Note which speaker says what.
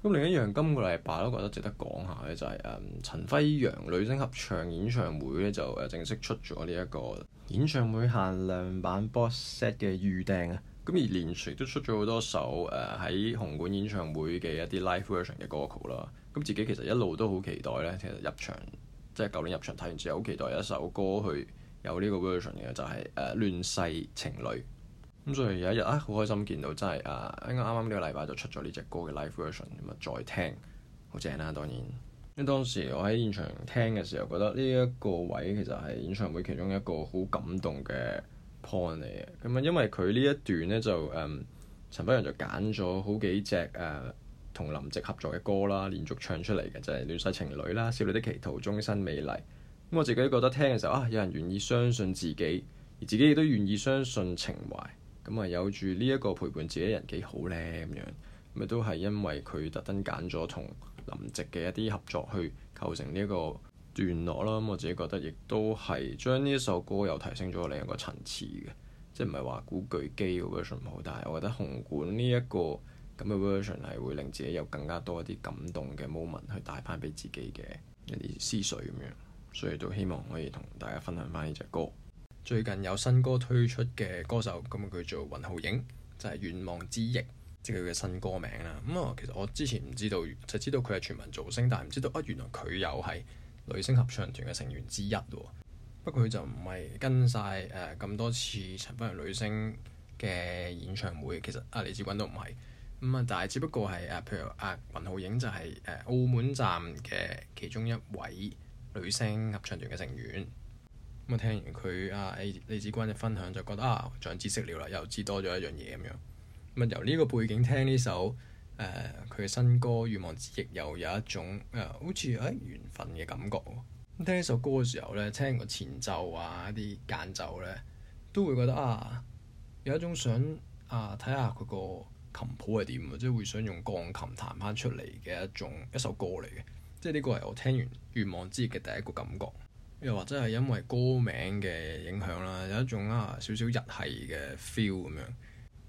Speaker 1: 咁另一樣，今個禮拜都覺得值得講下咧，就係、是、誒、呃、陳輝陽女聲合唱演唱會咧，就誒正式出咗呢一個演唱會限量版 box set 嘅預訂啊！咁而連隨都出咗好多首誒喺、呃、紅館演唱會嘅一啲 live version 嘅歌曲啦。咁自己其實一路都好期待咧，其實入場即係舊年入場睇完之後，好期待有一首歌去有呢個 version 嘅，就係、是、誒、呃、亂世情侶。咁所以有一日啊，好開心見到真係啊，應該啱啱呢個禮拜就出咗呢隻歌嘅 live version 咁啊，再聽好正啦。當然，因為當時我喺現場聽嘅時候，覺得呢一個位其實係演唱會其中一個好感動嘅 point 嚟嘅。咁、嗯、啊，因為佢呢一段咧就誒、嗯、陳輝陽就揀咗好幾隻誒同、啊、林夕合作嘅歌啦，連續唱出嚟嘅就係、是《亂世情侶》啦，《少女的祈禱》、《終身美麗》，嗯。咁我自己都覺得聽嘅時候啊，有人願意相信自己，而自己亦都願意相信情懷。咁啊、嗯、有住呢一個陪伴自己人幾好呢？咁樣，咪都係因為佢特登揀咗同林夕嘅一啲合作去構成呢一個段落啦。我自己覺得亦都係將呢一首歌又提升咗另一個，個層次嘅，即係唔係話古巨基嘅 version 唔好，但係我覺得紅館呢、這、一個咁嘅 version 係會令自己有更加多一啲感動嘅 moment 去帶翻俾自己嘅一啲思緒咁樣，所以都希望可以同大家分享翻呢隻歌。最近有新歌推出嘅歌手，咁佢叫做雲浩影，就係、是、願望之翼，即係佢嘅新歌名啦。咁、嗯、啊、哦，其實我之前唔知道，就知道佢係全民造星，但係唔知道啊，原來佢又係女聲合唱團嘅成員之一。不過佢就唔係跟晒誒咁多次陳輝陽女聲嘅演唱會。其實啊，李志君都唔係咁啊，但係只不過係啊，譬如啊，雲浩影就係、是、誒、啊、澳門站嘅其中一位女聲合唱團嘅成員。咁啊！聽完佢阿李子君嘅分享，就覺得啊，長知識了啦，又知多咗一樣嘢咁樣。咁啊，由呢個背景聽呢首誒佢嘅新歌《願望之翼》，又有一種誒、呃、好似誒緣分嘅感覺。咁聽呢首歌嘅時候咧，聽個前奏啊、一啲間奏咧，都會覺得啊，有一種想啊睇下佢個琴譜係點啊，即係會想用鋼琴彈翻出嚟嘅一種一首歌嚟嘅。即係呢個係我聽完《願望之翼》嘅第一個感覺。又或者係因為歌名嘅影響啦，有一種啊少少日系嘅 feel 咁樣。